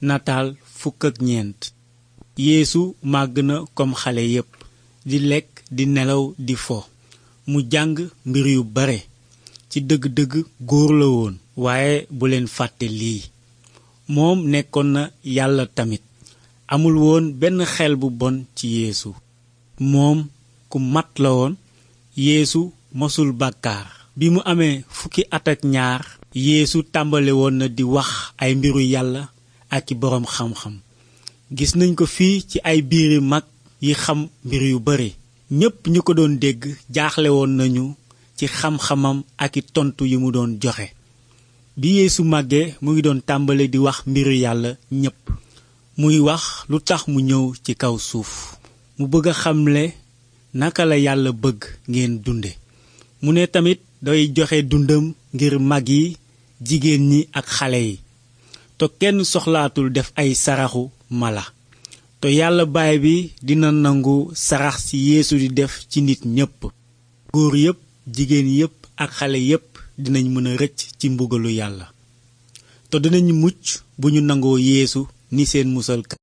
nataal fukk ak màgg na kom xale yépp di lekk di nelaw di fo mu jàng mbir yu bare ci dëgg-dëgg góor la woon waaye bu leen lii moom nekkoon na yàlla tamit amul woon benn xel bu bon ci yeesu moom ku mat la woon yeesu mosul bàkkaar bi mu amee fukki at ak ñaar yeesu tàmbale woon na di wax ay mbiru yàlla ak ci boroom xam-xam gis nañ ko fii ci ay biir biiri mag yi xam mbir yu bare ñépp ñu ko doon dégg jaaxle woon nañu ci xam-xamam ak i tontu yi mu doon joxe bi yeesu màggee mu ngi doon tàmbale di wax mbir yàlla ñépp muy wax lu tax mu ñëw ci kaw suuf mu bëgg a xamle naka la yàlla bëgg ngeen dunde mu ne tamit day joxe dundam ngir mag yi jigéen ñi ak xale yi te kenn soxlaatul def ay saraxu mala te yàlla baay bi dina nangu sarax ci yéesu di def ci nit ñépp góor yépp jigéen yépp ak xale yépp dinañ mën a rëcc ci mbugalu yàlla te dinañ mucc bu ñu nangoo yéesu ni seen musalkat